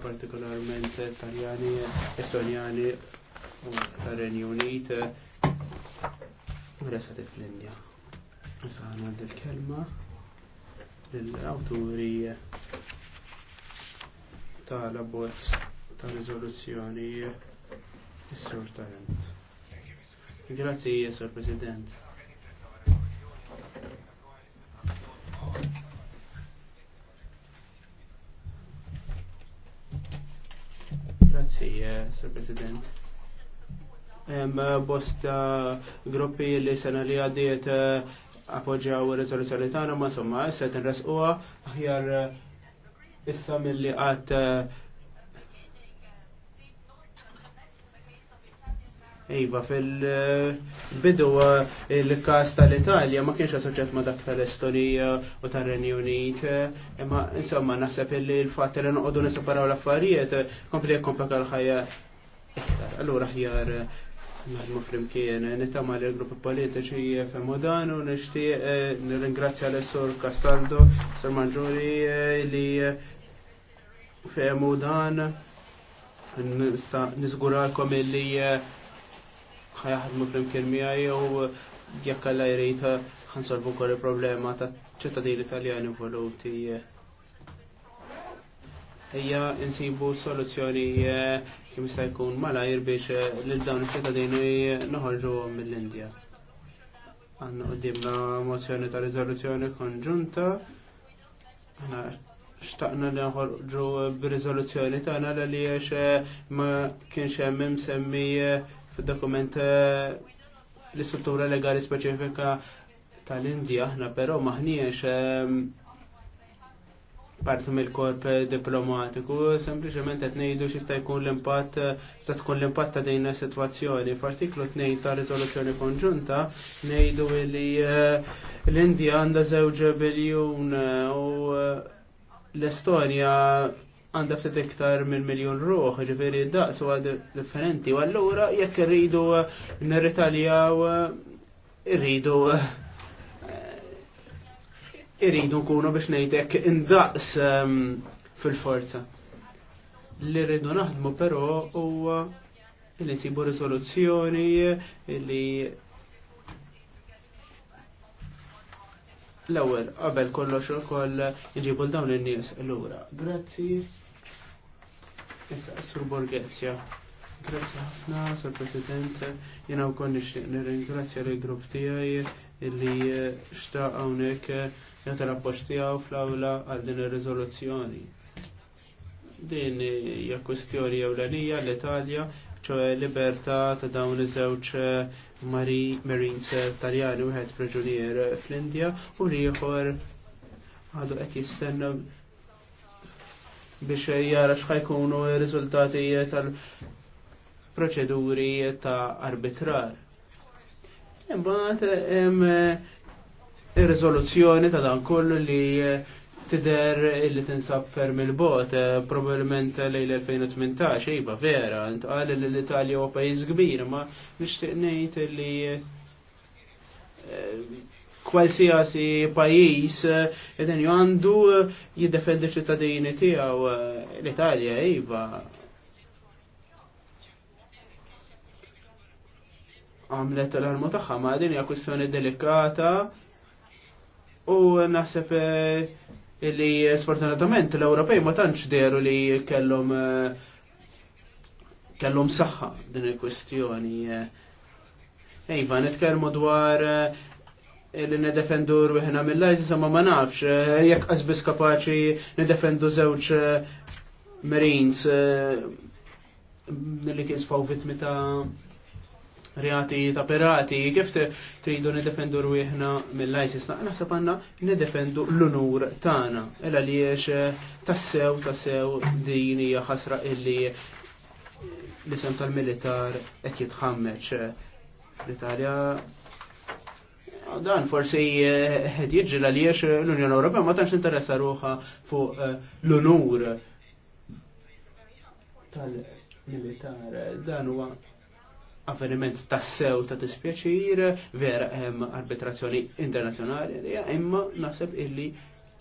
partikolarment Taljani, Estonjani u Renju Unit resat fl-Indja. Sana dil-kelma l-awturi tal labot ta' rizoluzzjoni is-sur Tarent. Grazie, Sir President. Grazie, eh, Sir President. Eh, bosta gruppi li sena li għaddiet eh, appoġġjaw ir-riżoluzzjoni tagħna ma' somma se tinresquha aħjar issa milli qatt Iva, fil-bidu eh, il-kas tal-Italja ma kienx assoċjat ma dak tal-Estonija u tal-Renju Unit, imma eh, insomma naħseb li l-fatt li noqogħdu niseparaw l-affarijiet eh, kompli komplika l-ħajja. Allura ħjar naħdmu flimkien, nittama li l-gruppi politiċi jifemu dan u nixtieq nirringrazzja l-Sur Castaldo, Sur Maġuri li fehmu dan nista nizguralkom li ħajaħdmu fl-imkien miegħi jew jekk alla jrid ħansolvu wkoll il-problema ta' ċittadin Italjani voluti. Ejja insibu soluzzjoni eh, kemm jista' jkun malajr biex eh, lil dawn iċ-ċittadini noħorġu mill-Indja. Għanna qoddimna mozzjoni ta' riżoluzzjoni konġunta. xtaqna li nħorġu b'riżoluzzjoni tagħna li għax eh, ma kienx hemm semmi fil-dokument eh, l-istruttura legali speċifika tal-Indija, aħna però maħniex eh, partu mill-korp diplomatiku, sempliciment qed ngħidu x'ista jkun l-impatt sta tkun l-impatt ta' din is-sitwazzjoni. F'artiklu 2 ta' Rizoluzzjoni konġunta ngħidu li eh, l-Indija għandha żewġ biljun u l-Estonja għanda ftit iktar minn miljon ruħ, ġifieri daqs huwa differenti. U allura jekk irridu eh, nirritaljaw eh, irridu eh, irridu nkunu biex ngħidek indaqs ehm, fil-forza. Li rridu naħdmu però huwa li nsibu riżoluzzjoni li l-ewwel qabel kollox ukoll l dawn in-nies lura. Grazzi. Sur Borgezja. Grazie ħafna, Sur President, jena u konni nirringrazzja li grupp tijaj illi eh, xtaq għonek eh, jgħata rapport tijaw fl-awla għal din il-rezoluzzjoni. Din hija kwestjoni ewlenija l-Italja, ċoħe libertà ta' dawn iż-żewġ eh, Marines Taljani wieħed preġunier fl-Indja u ieħor għadu qed jistenna biex jara xħajkunu riżultati tal-proċeduri ta' arbitrar. Imbagħad hemm eh, ir-riżoluzzjoni ta' dan kollu li eh, tider li tinsab ferm il-bot, eh, probabbilment lejl 2018, iba vera, intqal li l-Italja huwa pajjiż kbir, ma nixtieq ngħid li kwalsiasi pajis eh, ju għandu eh, jiddefendi ċittadini tijaw eh, l-Italja, iva. Għamlet l-armu taħħa ma din hija kwistjoni delikata u naħseb li sfortunatament l-Ewropej ma tantx deru li kellhom kellhom saħħa din il-kwistjoni. Ejva, nitkellmu dwar li nedefendu ruħna mill-lajzi ma ma nafx, eh, jekk qasbis kapaċi nedefendu żewġ eh, Marines eh, li kien sfaw vitmi ta' reati ta' pirati, kif tridu nidefendu rwieħna mill-ISIS, naħseb għanna nidefendu l-unur tagħna. Ella li jiex tassew, tassew din hija ħasra illi l-isem tal-militar qed jitħammeċ. L-Italja Dan forsi eh, qed jiġri għaliex l-Unjoni Ewropea ma tantx interessa ruħha fuq eh, l-unur tal-militar. Dan huwa avveniment tas-sew ta' dispjaċir vera hemm arbitrazzjoni internazzjonali imma naħseb illi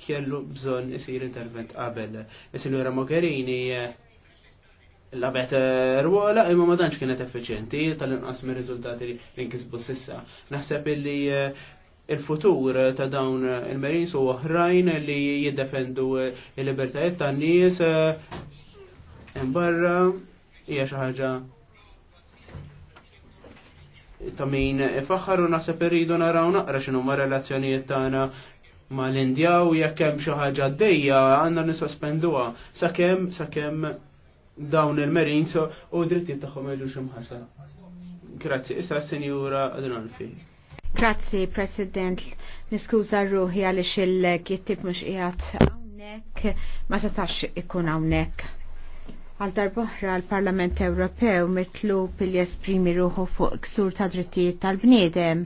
kellu bżonn isir intervent qabel. Is-Sinjora Mogherini eh, labet eh, rwola imma ma danx kienet effiċenti tal-inqas mir-riżultati li nkisbu sissa. Naħseb illi eh, il-futur ta' dawn eh, il-Marines u oħrajn li jiddefendu il-libertajiet tan nies barra hija xi ħaġa ta' min ifaħħar u naħseb irridu naraw naqra x'inhuma relazzjonijiet tagħna mal-Indja u jekk hemm xi ħaġa għaddejja għandna nisospenduha sakemm sakemm dawn il-Marines u drittijiet tagħhom jiġux imħarsa. Grazzi, issa Senjura Adnolfi. Grazzi, President. Niskuża ruħi għaliex il-kittib mhux qiegħed hawnhekk ma setax ikun hawnhekk għal darboħra l-Parlament Ewropew mitlu pil jesprimi ruħu fuq ksur ta' drittijiet tal-bniedem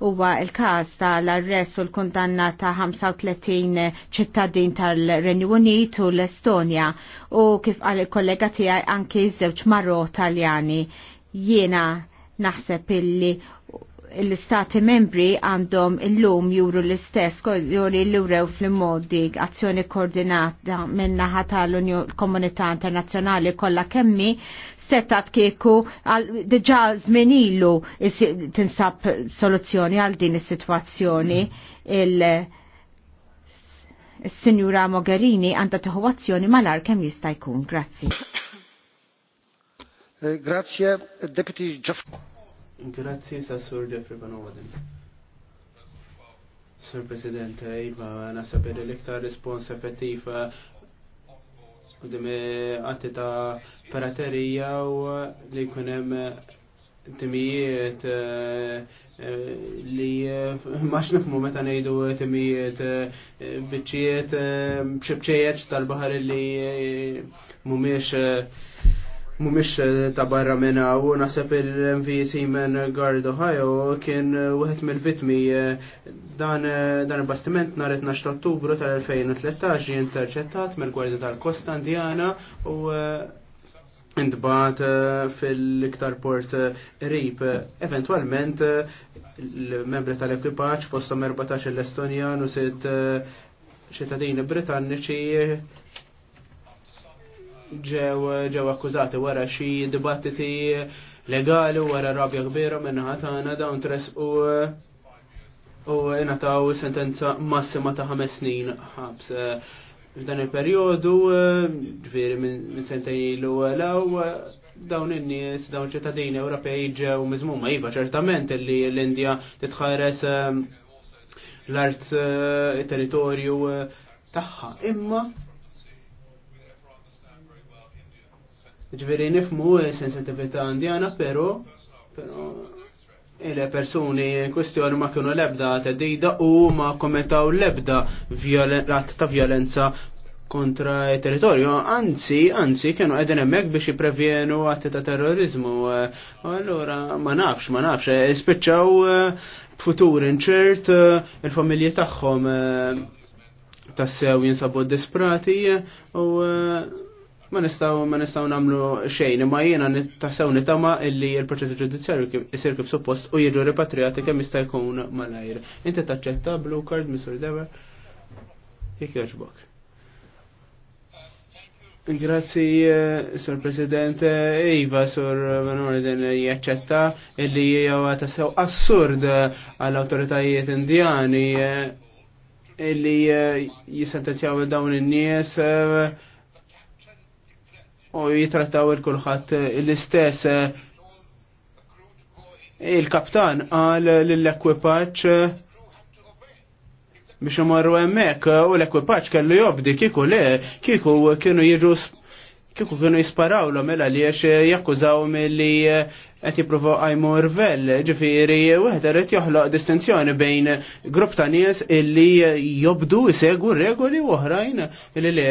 huwa il-każ tal-arrest u l-kundanna ta' 35 ċittadin tal-Renju Unit u l-Estonja u kif għal il-kollega tiegħi anki żewġ marro Taljani. Jiena naħseb illi l-istati membri għandhom illum juru l-istess, juri l-urew fl moddi azzjoni koordinata minna ħata l-komunità internazjonali kolla kemmi, setat kieku diġa zminilu tinsab soluzzjoni għal din is-situazzjoni il-Sinjura Mogherini għanda tħu azzjoni malar kemm jista' jkun. Grazzi. Eh, grazie, Deputy Jeff. Grazzi sa' Jeffrey Van Oden. Sur President, eh, Iva, nasab l-iktar respons effettiva eh, u eh, dimi għatti ta' paraterija u li kunem timijiet li maċ nifmu meta nejdu timijiet bieċiet bċibċieċ tal-bahar li mumiex mumiex eh, ta' barra minna u nasab il mvc minn Guard Ohio kien eh, wieħed mill-vitmi eh, dan, dan il-bastiment nhar 12 Ottubru tal-2013 interċettat mill-Gwardja tal-Kosta Indiana u intbat fil-iktar port rip. Eventualment l-membri tal-ekwipaġġ fostom 14 l-Estonjan u sitt ċittadini Britanniċi ġew ġew akkużati wara xi dibattiti legali wara rabja kbira minnaħa tagħna dawn tres u u ingħataw sentenza massima ta' ħames snin ħabs. F'dan il-perjodu, ġifieri minn sentej l-ewwel dawn in-nies, dawn ċittadini Ewropej ġew miżmuma iva ċertament li l-Indja titħares eh, l-art eh, territorju eh, tagħha. Imma Ġveri nifmu sensitivita għandjana, pero, pero il-persuni kwestjoni ma kienu lebda tedida u ma kommentaw lebda l-att ta' violenza kontra territorju. Anzi, anzi, kienu għedin emmek biex jiprevjenu għatti ta' terrorizmu. Eh, allora, ma nafx, ma nafx, ispiċċaw eh, eh, futur inċert il-familji tagħhom tassew jinsabu disprati u ma nistaw ma nistaw namlu xejn imma jiena nittasew nitama illi l-proċess ġudizzjarju jsir kif suppost u jiġu repatriati kemm jista' jkun malajr. Inti taċċetta blue card Mr. Dever jekk jogħġbok. Grazzi, eh, Sur President, eh, Iva, Sur Manorden, jaċċetta illi jew tassew assurd għall-autoritajiet indjani eh, illi jisentenzjaw dawn in-nies u jitrattaw il-kulħat eh, l-istess eh, il-kaptan għal l-ekwipaċ eh, biex marru emmek u l-ekwipaċ kellu jobdi kiku le kiku kienu jirru kiku kienu jisparaw mela l om il jakkużaw mill-li għet jiprofu għajmu rvel ġifiri wieħed għedaret joħloq distinzjoni bejn grupp ta' nies illi jobdu jisegu regoli u oħrajn illi li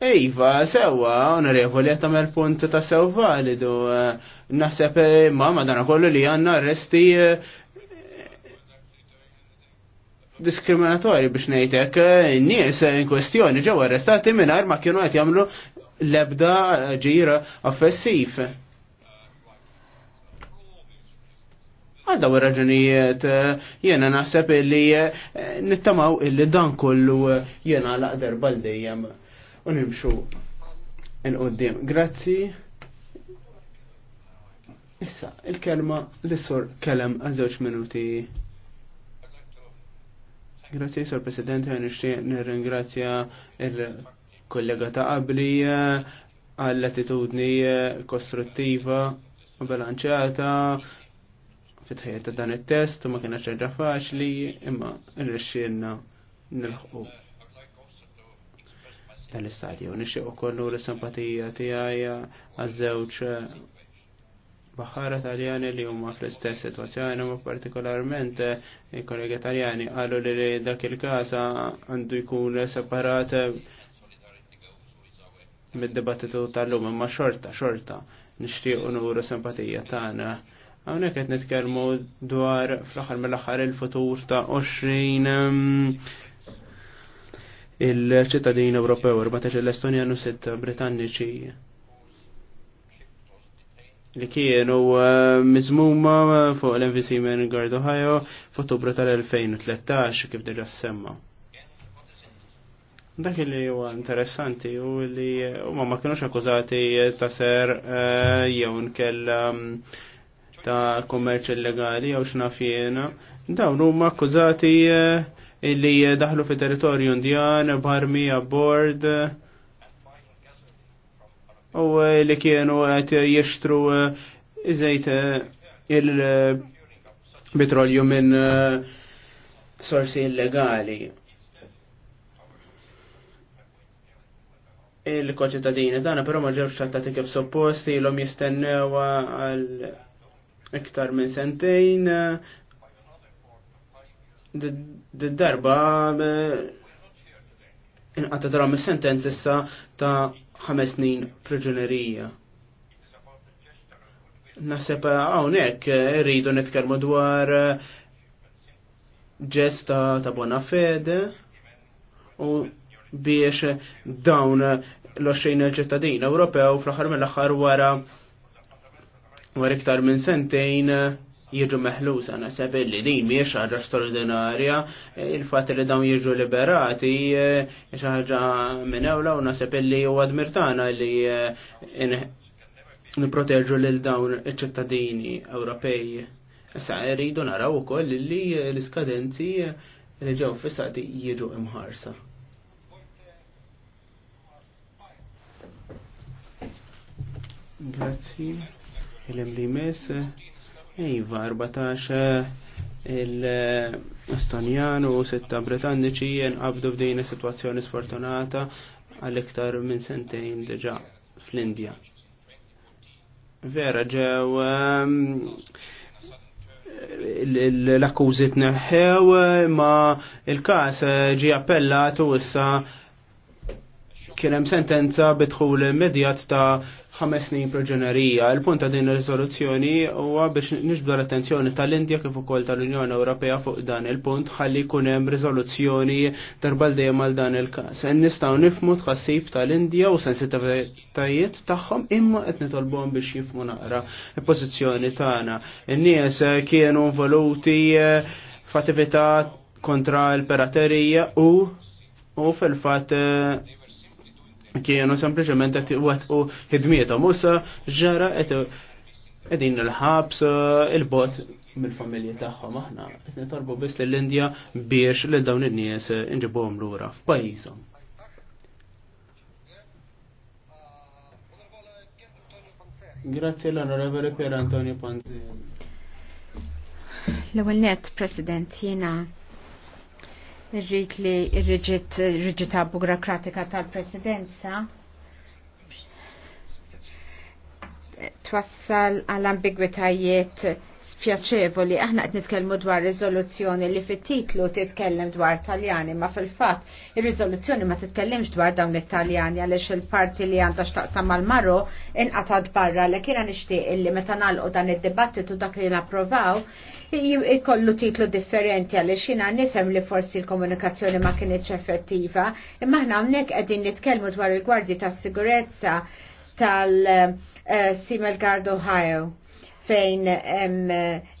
Iva, sewa, onorevoli, il punt ta' sew validu. Naħseb ma' dana kollu li għanna arresti eh, diskriminatori biex nejtek, nies in kwestjoni ġew arrestati minar ma kienu għet jamlu lebda ġira offessiv. Għadda u raġunijiet jena naħseb illi eh, nittamaw illi dan kollu eh, jena laqder bal dejjem u nimxu n-qoddim. Grazzi. Issa, il-kelma l sor kelem għazewċ minuti. Grazzi, sur President, għan nir-ringrazzja il-kollega ta' qabli eh, għall-attitudni eh, kostruttiva u bilanċata fitħajet ta' dan il-test u ma kienx ħaġa faċli imma nil-ħu tal-istati. U nixie u kollu l simpatija tiegħi għaż-żewġ baħara taljani li huma fl-istess situazzjoni ma partikolarment il-kollega taljani qalu li dak il-każ għandu jkun separat mid-dibattitu tal-lum imma xorta xorta nixtiequ nuru simpatija tagħna. Hawnhekk qed nitkellmu dwar fl-aħħar mill-aħħar il-futur ta' 20 il ċittadini Ewropew, 14 l u 6 Britanniċi li kienu eh, mizmuma fuq l-MVC Gard Ohio f'Ottubru tal-2013 kif diġa semma. Dak li huwa interessanti u li huma ma kienux akkużati ta' ser eh, jew nkella mm, ta' kommerċ illegali jew x'naf jiena. Dawn huma akkużati eh, illi daħlu fi territorju indjan b'armi abbord u eh, li kienu għet jishtru eh, iżejt eh, il-petrolju minn sorsi illegali. il-koċittadini tagħna però ma ġewx trattati kif supposti ilhom jistennew għal iktar minn sentejn Darba eh, inqata dram sentenz issa ta' ħames snin priġunerija. Naħseb eh, hawnhekk irridu eh, nitkellmu dwar ġesta ta' bona fede u biex dawn l-20 il-ċittadin Ewropew fl-aħħar mill-aħħar wara wara iktar minn sentejn jiġu meħlusa nasab li din mhijiex ħaġa straordinarja, il-fatt li dawn jiġu liberati eh, xi ħaġa minn ewla u nasab li huwa eh, dmirtana li nipproteġu lil dawn iċ-ċittadini Ewropej. Issa rridu naraw ukoll li eh, l-iskadenzi li ġew fissati jiġu imħarsa. Grazzi. Kelem li Iva, 14 eh, il-Estonjan u 6 Britanniċi jenqabdu f'din is-sitwazzjoni sfortunata għal-iktar minn sentejn diġa fl-Indja. Vera ġew ehm, l akkużit neħħew ma il-kas ġi appellatu issa kien hemm sentenza bidħul immedjat ta' ħames snin proġenerija. Il-punt ta' din ir-riżoluzzjoni huwa biex niġbdu l-attenzjoni tal-Indja kif ukoll tal-Unjoni Ewropea fuq dan il-punt ħalli jkun hemm riżoluzzjoni darbaldejja mal għal dan il-każ. Nistgħu nifmu tħassib tal-Indja u sensitivitajiet tagħhom imma qed nitolbhom biex jifmu naqra il-pożizzjoni tagħna. In-nies kienu voluti eh, f'attività kontra l-peraterija u u fil-fatt eh, kienu sempliciment għet għet u ħidmietom musa ġara qed għedin il-ħabs il-bot mill-familji tagħhom aħna qed torbu bis l indja biex l dawn il nies l lura f'pajizom. Grazie l-Onorevole Pier Antonio Ponzi. L-ewwel President, jena Irrit li ir-riġita burokratika tal-presidenza twassal għall-ambigwitajiet spjaċevoli, aħna qed nitkellmu dwar riżoluzzjoni li fit-titlu titkellem dwar Taljani, ma fil-fatt ir-riżoluzzjoni ma titkellimx dwar dawn it-Taljani għaliex il-parti li għandha x'taqsam mal-Marru inqatad barra li kiena nixtieq illi meta nagħlqu dan id-dibattitu dak li napprovaw ikollu titlu differenti għalli xina nifem li forsi l-komunikazzjoni ma kienieċ effettiva, imma ħna għamnek għedin nitkelmu dwar il-gwardji ta' sigurezza tal-Simel Gard Ohio fejn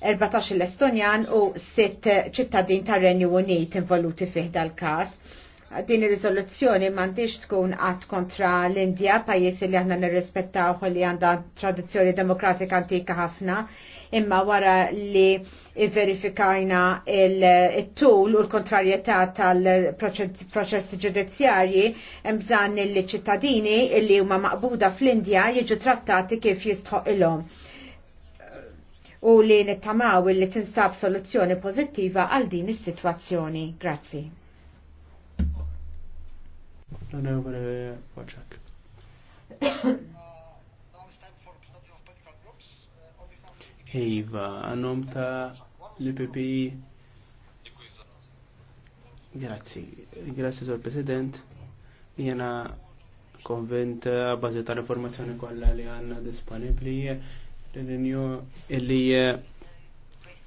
14 eh, l-Estonjan u 6 ċittadin tar renju Unit involuti fih dal-kas. Din ir-riżoluzzjoni m'għandix tkun qatt kontra l-Indja, pajjiżi li aħna nirrispettaw li għandha tradizzjoni demokratika antika ħafna, imma wara li verifikajna il-tul u l-kontrarjetà tal-proċessi ġudizzjarji hemm bżonn li ċittadini li huma maqbuda fl-Indja jiġu trattati kif jistħoq ilhom u li nittamaw li tinsab soluzzjoni pozittiva għal din is-sitwazzjoni. Grazzi. L-Onorevole Wojcik. Iva, għannom ta' l-PP. Grazzi, grazie sor President. Jena konvent bazi ta' l-informazzjoni kollha li għanna disponibli l-linju illi eh,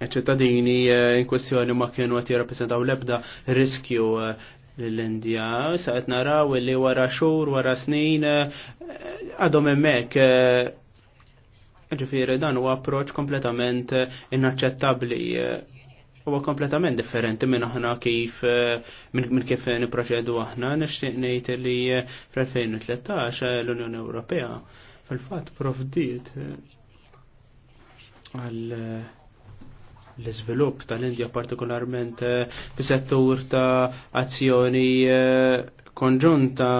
ċittadini eh, in kwestjoni ma kienu għati rappresentaw lebda riskju eh, l-Indija. Sa' naraw illi wara xur, wara snin, għadhom emmek Ġifiri, dan huwa approċ kompletament inaċċettabbli huwa kompletament differenti minn aħna kif minn kif niproċedu aħna nixtieq ngħid li fl-2013 l-Unjoni Ewropea fil-fatt provdiet għal l-iżvilupp tal-Indja partikolarment fis-settur ta' azzjoni konġunta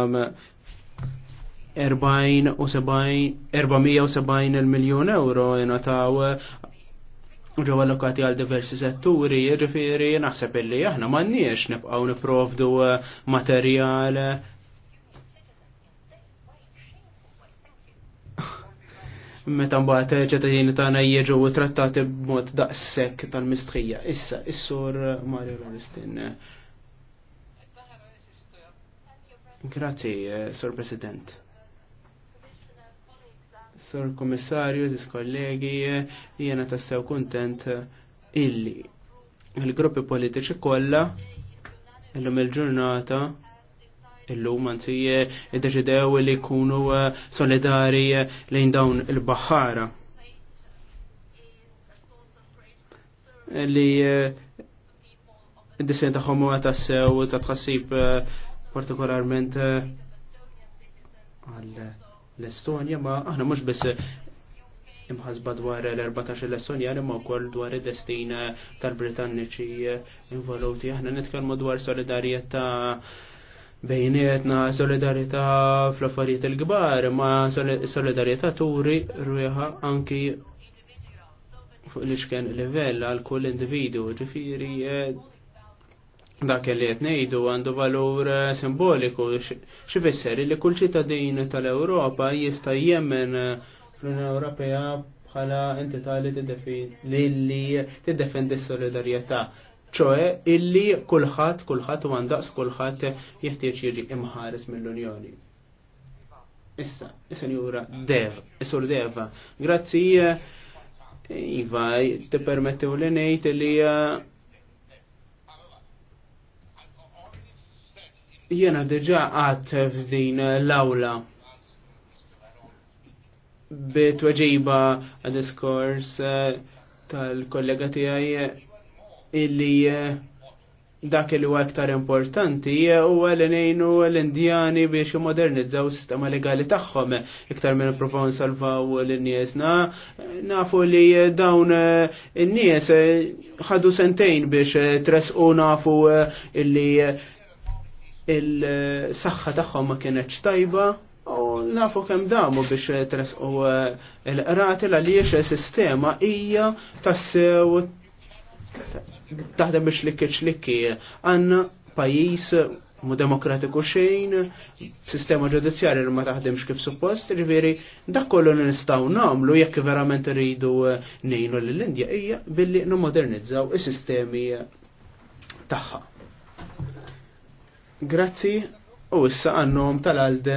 470 il-miljon euro jenataw ġo allokati għal diversi setturi, ġifiri naħseb illi aħna manniex nipqaw niprofdu eh, materjal meta mbagħad ċetajin tagħna jiġu trattati b'mod daqshekk tal-mistħija. Issa, is-sur Mario Loristin. Grazzi, eh, Sur President. Sur Komissarju, dis kollegi, jiena tassew kontent illi il-gruppi politiċi kollha illum il-ġurnata illum id-deġidew li jkunu uh, solidari lejn dawn il-baħħara. Li uh, id-disejn xomu għatassew ta' tħassib uh, partikolarment għal l-Estonja, ma aħna mhux biss imħasba dwar l-14 l-Estonja, ma wkoll dwar id-destin tal-Britanniċi involuti. Aħna nitkellmu dwar solidarieta bejnietna solidarieta fl-affarijiet il-kbar, ma solidarieta turi rwieħa anki fuq l-iċken livell għal kull individu, ġifiri eh, dak li qed ngħidu għandu valur eh, simboliku x'ifisser li kull ċittadin tal-Ewropa jista' jemmen eh, fl-Unjoni Ewropea bħala entità li tiddefendi s-solidarjetà. ċoe illi kulħadd kulħadd u għandaqs kulħadd jeħtieġ jiġi imħares mill-Unjoni. Issa, issa njura, dev, is-sur Deva, grazzi eh, Iva, tippermettew li ngħid li Jena diġa għat f'din l-awla bitweġiba għad-diskors eh, tal-kollega tijaj eh, illi eh, dak li huwa aktar importanti huwa għal-nejnu l-Indjani biex jimmodernizzaw sistema legali tagħhom iktar minn provaw salvaw lin-niesna. Nafu li dawn in-nies ħadu sentejn biex tresqu nafu illi il-saxħa tagħhom ma kienetx tajba u nafu kemm damu biex u eh, l-qrati għaliex sistema hija tassew taħdem biex likki ċlikki għanna pajis mu demokratiku xejn, sistema ġudizzjarju li ma taħdimx kif suppost, ġifiri, dak kollu nistgħu nagħmlu jekk verament iridu eh, ngħinu lill-Indja hija billi modernizzaw is-sistemi eh, tagħha. Grazzi u issa għannom tal-alde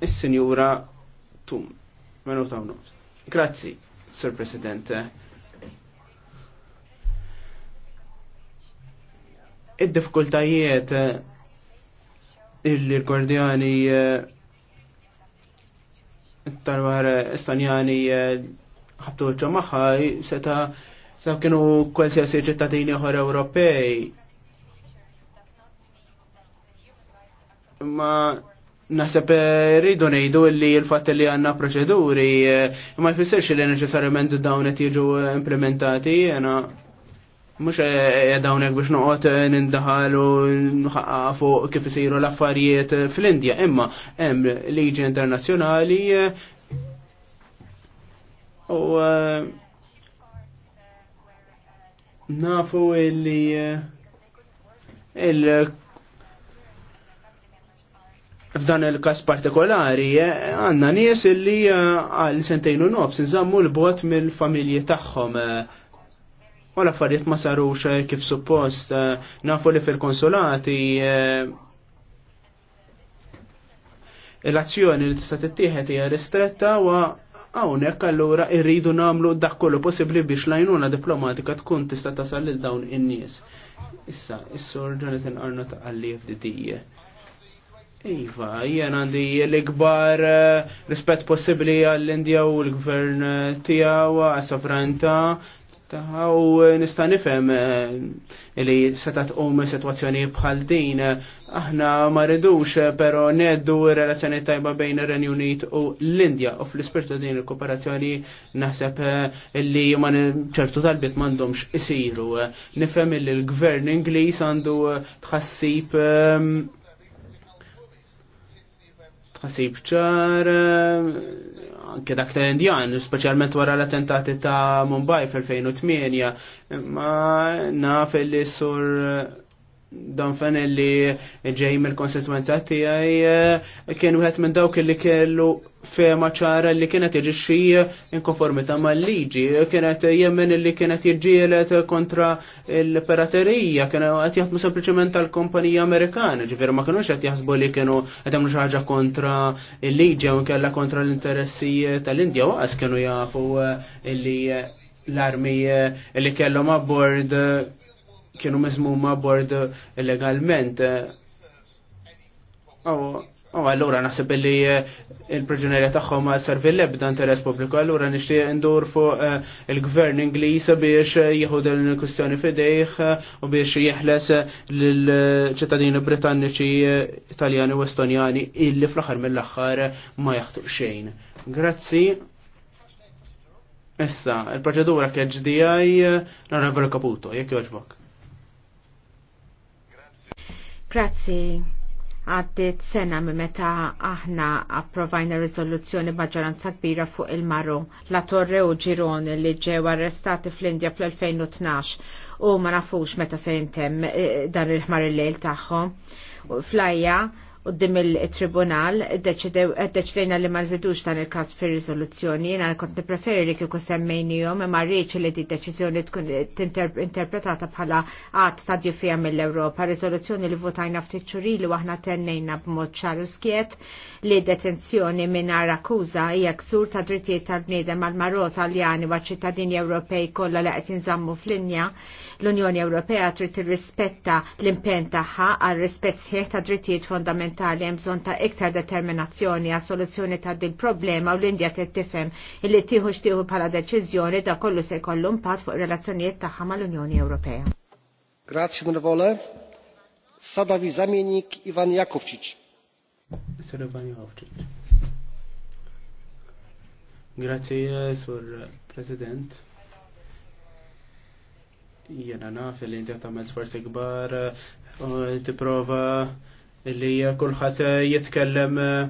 il sinjura Tum. Menu ta' Grazzi, Sir Presidente. Id-difkultajiet eh, illi l gordjani eh, tal-war Estonjani eh, ħabtu maħħaj seta' sa' kienu kwalsiasi ċittadini oħra Ewropej ma naħseb eh, rridu ngħidu li l-fatt li għandna proċeduri eh, ma jfissirx li neċessarjament dawn qed jiġu eh, implementati jena mhux dawn hekk biex noqgħod nindaħal u nħaqqaq fuq kif isiru l-affarijiet fl-Indja, imma hemm liġi internazzjonali u nafu li il f'dan il-kas partikolari eh, għanna nies illi eh, għal sentejn nofs nżammu l-bot mill-familji tagħhom. Eh. U l-affarijiet ma sarux kif suppost nafu li fil-konsolati l-azzjoni li tista' tittieħed hija ristretta u hawnhekk allura irridu nagħmlu dak kollu possibbli biex l-għajnuna diplomatika tkun tista' tasal lil dawn in-nies. Issa, is-sur Jonathan Arnott għalli FDD. Iva, jien għandi l-ikbar eh, rispett possibli għall-Indja u l-gvern eh, tijaw, għas-sovranta, taħħa u nista' nifhem eh, li seta' tqum situazzjoni bħal din. Aħna ma ridux però neddu relazzjoni tajba bejn ir-Renju Unit u l-Indja u fl-ispirtu din il-kooperazzjoni naħseb li ma ċertu talbiet m'għandhomx isiru. Nifhem li l-gvern Ingliż għandu tħassib ehm, Ħasib ċar eh, anke dak ta' Indjan, speċjalment wara l-attentati ta' Mumbai fil-2008, ma naf li sur dan fan li ġej mill-konsekwenza tiegħi eh, kien wieħed minn dawk li kellu fema ċara li kienet jiġixxi inkonformità mal-liġi, kienet jemmen li kienet jiġġielet kontra l-piraterija, kienu qed jaħdmu sempliċement tal-kumpanija Amerikana, ġifier ma kinux qed jaħsbu li kienu qed jagħmlu ħaġa kontra l-liġi u nkella kontra l-interessi tal-Indja, waqas kienu jafu eh, li l-armi eh, li kellhom abbord kienu mezmu ma' bord illegalment. Oh, allura naħseb li eh, il-proġunerja tagħhom servi l-ebda interess pubbliku, allura nixtieq ndur fuq eh, il-gvern Ingliż biex jieħu din il-kwistjoni fidejh eh, u biex jeħles lill-ċittadini Britanniċi, Italjani u Estonjani illi fl-aħħar mill-aħħar ma jaħtuq xejn. Grazzi. Issa, il-proċedura kħedġdijaj, l-għana Caputo, jekk joġbok. Grazzi. Għaddit sena meta aħna approvajna rizoluzzjoni maġġoranza kbira fuq il-Marru, la Torre u Ġiron li ġew arrestati fl-Indja fl-2012 u ma nafux meta se jintem eh, dan il-ħmar il-lejl tagħhom. Flajja, dim il-tribunal deċidejna li ma nżidux dan il-każ fir riżoluzzjoni jiena kont nippreferi li kieku jom imma rridx li di deċiżjoni tkun interpretata bħala għat ta' ġifija mill-Ewropa. Rizoluzzjoni li votajna ftit xurili u aħna tennejna b'mod ċaru skiet li detenzjoni mingħajr akkuża hija sur ta' drittijiet tal-bniedem mal-Marot Taljani wa ċittadini Ewropej kollha li qed jinżammu fl-linja l-Unjoni Ewropea trid tirrispetta l-impenn tagħha għal rispett sħiħ ta' drittijiet fondamentali fundamentali hemm bżonn ta' iktar determinazzjoni għas soluzzjoni ta' din problema u l-Indja trid tifhem illi tieħu xtieħu bħala deċiżjoni da kollu se jkollu impatt fuq ir-relazzjonijiet tagħha mal-Unjoni Ewropea. Grazzi onorevole. Sada vi zamienik Ivan Jakovčić. Sir Ivan Jakovčić. Grazie, Sur President jena naf li inti għatamel sforzi kbar u uh, illi kulħadd eh, jitkellem eh,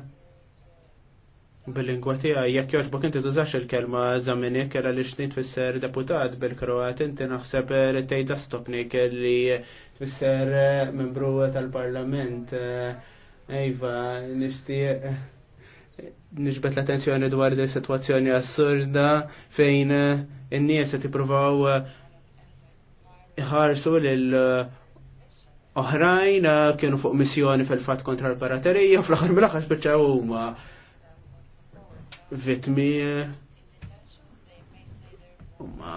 bil-lingwa tiegħi jekk jogħġbok inti tużax il-kelma żaminik era li xnit tfisser deputat bil-Kroat inti naħseb eh, li tgħidha stopnik li tfisser membru tal-Parlament. Ejva, nixtieq nixbet l-attenzjoni dwar di situazzjoni assurda fejn in-nies se ippruvaw iħarsu lil oħrajn kienu fuq missjoni fil-fat kontra l-paraterija, fl-axar mill-axar spiċċaw huma vitmi huma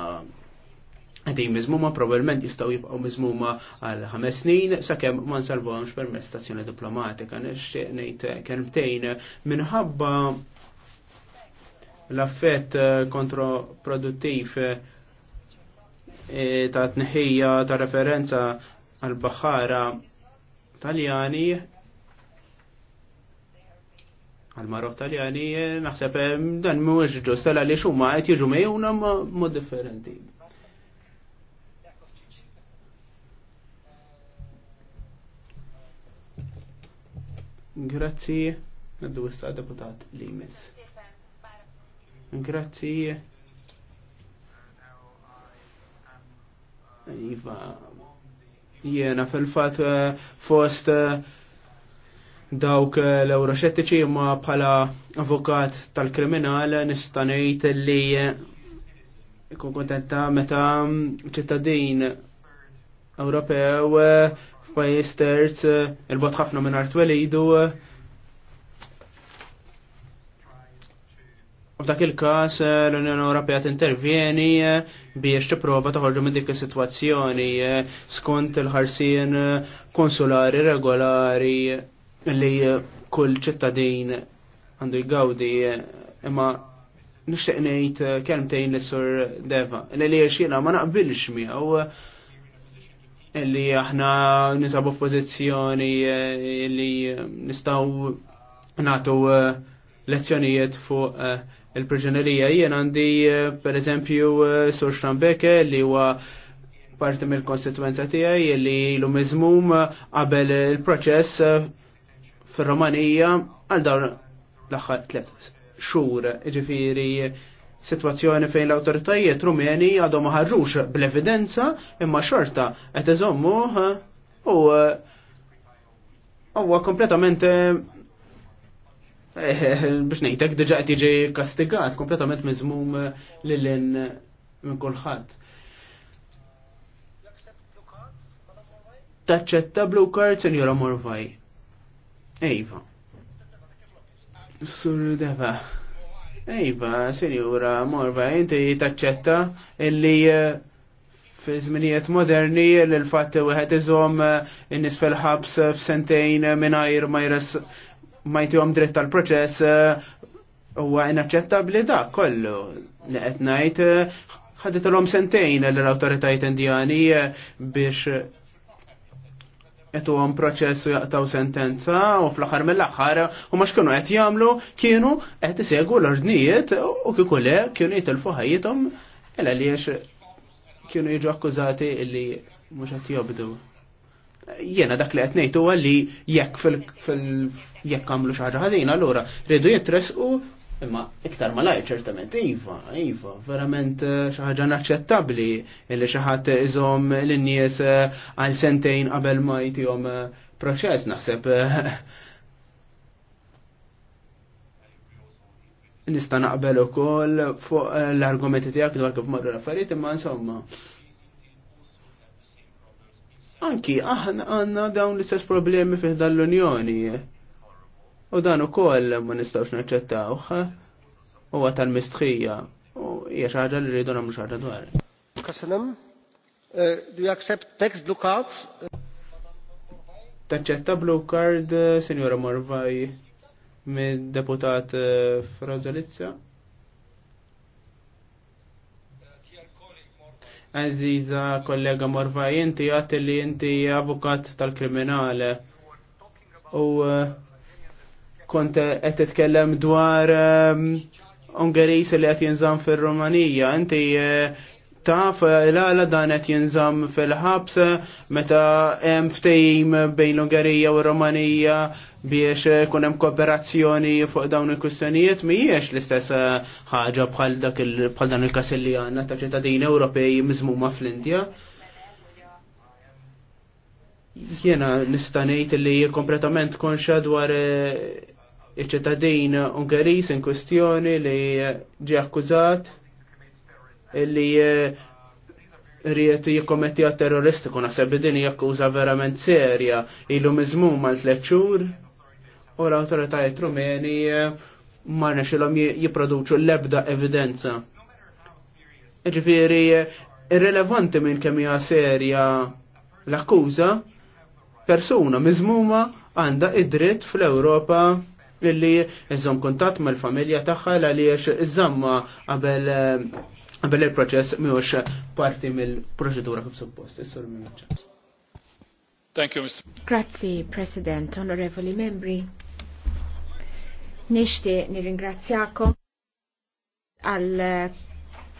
għadin mizmuma probabbilment jistgħu jibqgħu miżmuma għal ħames snin sakemm ma nsalvhomx permezz stazzjoni diplomatika. Nixtieq ngħid kelmtejn minħabba l-affett kontroproduttiv eh, ta' tneħħija ta' referenza għal-Bahara Taljani għal-Marok Taljani naħseb dan mhuwiex ġust sala li xuma qed jiġu mejuna mod differenti. Grazzi, għaddu sta deputat Limis. Grazzi. Iva, Jiena fil-fat eh, fost eh, dawk eh, l-euroxettiċi ma bħala avukat tal-kriminal nistanejt li kun kontenta meta mm, ċittadin Ewropew f'pajjiż terz il-bot ħafna minn artwelidu F'dak il-każ eh, l-Unjoni Ewropea tintervjeni eh, biex tipprova toħorġu minn dik is-sitwazzjoni eh, skont il-ħarsien konsulari regolari li kull ċittadin għandu jgawdi imma nixtieq ngħid kelmtejn li sur Deva li li ma naqbilx miegħu li aħna nisabu f'pożizzjoni li nistgħu nagħtu lezzjonijiet fuq il-proġenerija jien għandi eh, per eżempju eh, Sur Strambeke li huwa parti mill konstituenza tiegħi li ilu miżmum eh, qabel il-proċess fir-Romanija għal dawn l-aħħar tliet xhur, iġifieri situazzjoni fejn l awtoritajiet rumeni għadhom ma ħarġux bl-evidenza imma xorta qed iżommu u huwa kompletament Eh, biex nejtek diġa għet iġi kastigat kompletament miżmum lilin minn kulħadd. Taċċetta blue card Senjora Morvaj. Ejva. Sur deva. Ejva, Senjora Morvaj, inti taċċetta illi eh, fi żminijiet moderni l-fatt wieħed iżom in-nies fil-ħabs f'sentejn mingħajr ma jiras ma jtihom dritt tal-proċess eh, huwa inaċċettabbli da kollu. Li qed ngħid eh, om sentejn l-awtoritajiet indjani eh, biex għetu għom proċessu jaqtaw sentenza u fl-axar mill-axar u ma xkienu għet jamlu kienu għet segu l-ordnijiet u kikule kienu jitilfu ħajjitom il-għaliex kienu jiġu akkużati illi mux għet jobdu. Jiena dak li qed ngħid huwa li jekk fil jekk għamlu xi ħaġa ħażin allura rridu jitresqu imma iktar ma lajk ċertament iva, iva, verament eh, xi ħaġa naċċettabbli li xi ħadd iżhom lin-nies eh, għal sentejn qabel ma jtihom eh, proċess naħseb nista naqbel ukoll fuq l-argumenti tiegħek dwar kif marru l-affarijiet imma insomma. Anki aħna għanna dawn l-istess problemi fih dal-Unjoni. U dan ukoll ma nistgħux naċċettawh huwa tal-mistħija u hija xi ħaġa li rridu nagħmlu xi ħaġa dwar. Kasalem, eh, do you accept text blue cards? Taċċetta blue card, eh, Signora Morvaj, mid-deputat eh, Frazalizza. Aziza kollega Morvaj, inti għat li inti avukat tal-kriminale. U eh, kont t titkellem dwar eh, Ungeris li qed jinżamm fir-Rumanija, inti eh, taf l-għala eh, dan qed jinżamm fil-ħabs meta hemm ftejim bejn l-Ungerija u Romanija biex kun hemm kooperazzjoni fuq dawn il-kwistjonijiet mhijiex l-istess eh, ħaġa bħal dak bħal dan il-każ għandna ta' ċittadin Ewropej miżmuma fl-Indja. Jiena nista' ngħid li kompletament konxa dwar eh, iċ-ċittadin Ungeris in kwistjoni li ġie akkużat illi eh, riet jikkometti għat terroristiku nasab din jakkuża verament serja ilu mizmu mal tleċur u l-autoritajiet rumeni eh, ma nexilhom jipproduċu l-ebda evidenza. Ġifieri eh, irrelevanti minn kemm hija serja l-akkuża persuna miżmuma għandha id-dritt fl-Ewropa illi iżżomm kuntatt mal-familja tagħha għaliex iżamma qabel Bel il-proċess miħux parti mill-proċedura kif suppost. Thank you, Mr. Grazzi, President, onorevoli membri. Nishti nirringrazzjakom għal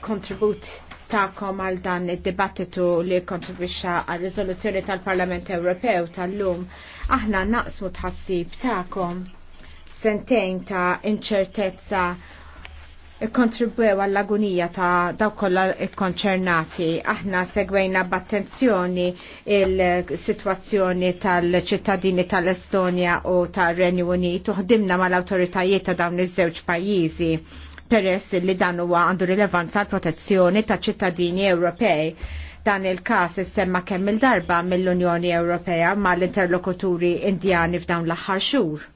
kontribut ta'kom għal dan id-dibattitu li kontribuxa għal riżoluzzjoni tal-Parlament Ewropew tal-lum. Aħna naqsmu tħassib ta'kom sentejn ta' inċertezza kontribwew għall-agonija ta' daw kollha konċernati. Aħna segwejna b'attenzjoni il-sitwazzjoni tal-ċittadini tal-Estonja u tal-Renju Unit u ħdimna mal-awtoritajiet ta' dawn iż-żewġ pajjiżi peress li dan huwa għandu rilevanza għal protezzjoni ta' ċittadini Ewropej dan il-kas issemma kemm il-darba mill-Unjoni Ewropea mal-interlokuturi indjani f'dawn l-aħħar xhur.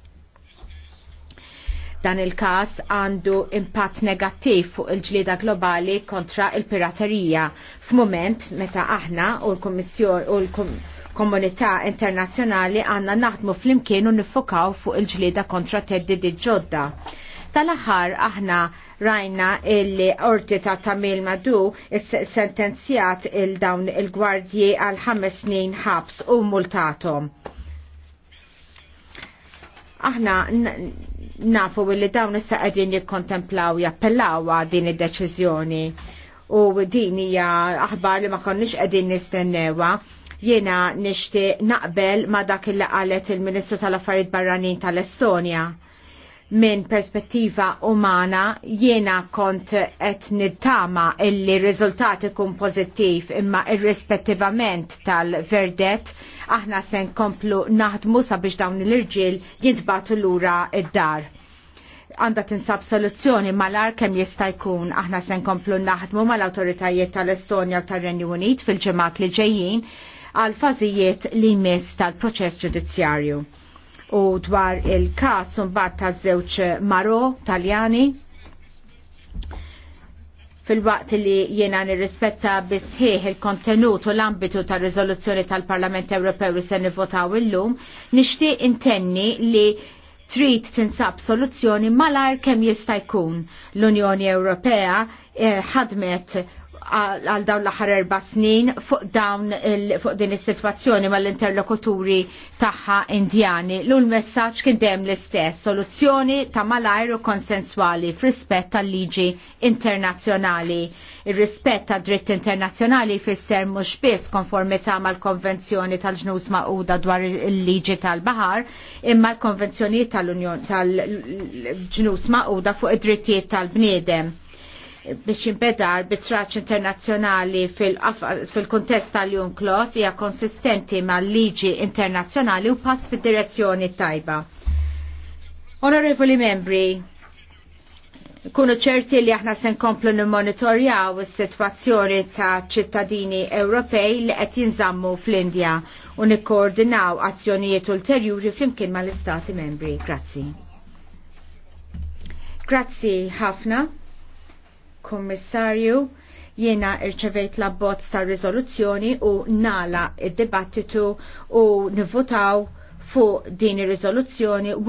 Dan il-kas għandu impatt negattiv fuq il-ġlieda globali kontra il-piraterija f'mument meta aħna u l-Kommissjon u l-Komunità Internazzjonali għandna naħdmu fl-imkien u nifokaw fuq il-ġlieda kontra teddidi ġodda tal-aħħar aħna rajna illi orti ta' Tamil Madu sentenzjat il-dawn il-gwardji għal ħames snin ħabs u multatom aħna nafu li dawn issa qegħdin jikkontemplaw jappellaw din id-deċiżjoni u din hija aħbar li ma konniex qegħdin nistennewha. Jiena nixtieq naqbel ma dak il qalet il-Ministru tal-Affarijiet Barranin tal-Estonja minn perspettiva umana jiena kont qed nittama illi riżultat ikun pożittiv imma irrispettivament tal-verdet aħna se nkomplu naħdmu sabiex dawn l-irġiel jintbatu lura id-dar. Għanda tinsab soluzzjoni mal-ar kem jista' jkun aħna se nkomplu naħdmu mal-awtoritajiet tal-Estonja u tar-Renju Unit fil-ġemat li ġejjin għal fażijiet li jmiss tal-proċess ġudizzjarju u dwar il-kas mbagħad taż-żewġ Maro Taljani fil-waqt li jiena nirrispetta bisħieħ il-kontenut u l-ambitu ta' riżoluzzjoni tal-Parlament Ewropew li se nivvotaw illum, nixtieq intenni li trid tinsab soluzzjoni malar kemm jista' jkun. L-Unjoni Ewropea eh, ħadmet eh, għal dawn l-aħħar erba' snin fuq dawn fuq din is-sitwazzjoni mal-interlokuturi tagħha Indjani. Lul messaġġ kien dejjem l-istess, soluzzjoni ta' malajr u konsenswali f'rispett tal-liġi internazzjonali. Ir-rispett tad dritt internazzjonali jfisser mhux biss konformità mal-Konvenzjoni tal-Ġnus Maquda dwar il-liġi tal-Baħar, imma l-Konvenzjoni tal unjoni tal ġnus Maquda fuq id-drittijiet tal-bniedem biex jimbeda arbitraċ internazzjonali fil-kontest fil kontest fil tal klos hija konsistenti mal-liġi internazzjonali u pass fil direzzjoni tajba. Onorevoli membri, kunu ċerti li aħna se nkomplu nimmonitorjaw is-sitwazzjoni ta' ċittadini Ewropej li qed jinżammu fl-Indja u nikkoordinaw azzjonijiet ulterjuri flimkien mal-Istati membri. Grazzi. Grazzi ħafna. Kommissarju, jiena irċevejt la abbozz ta' rizoluzzjoni u nala id-dibattitu u nivvotaw fuq din ir-riżoluzzjoni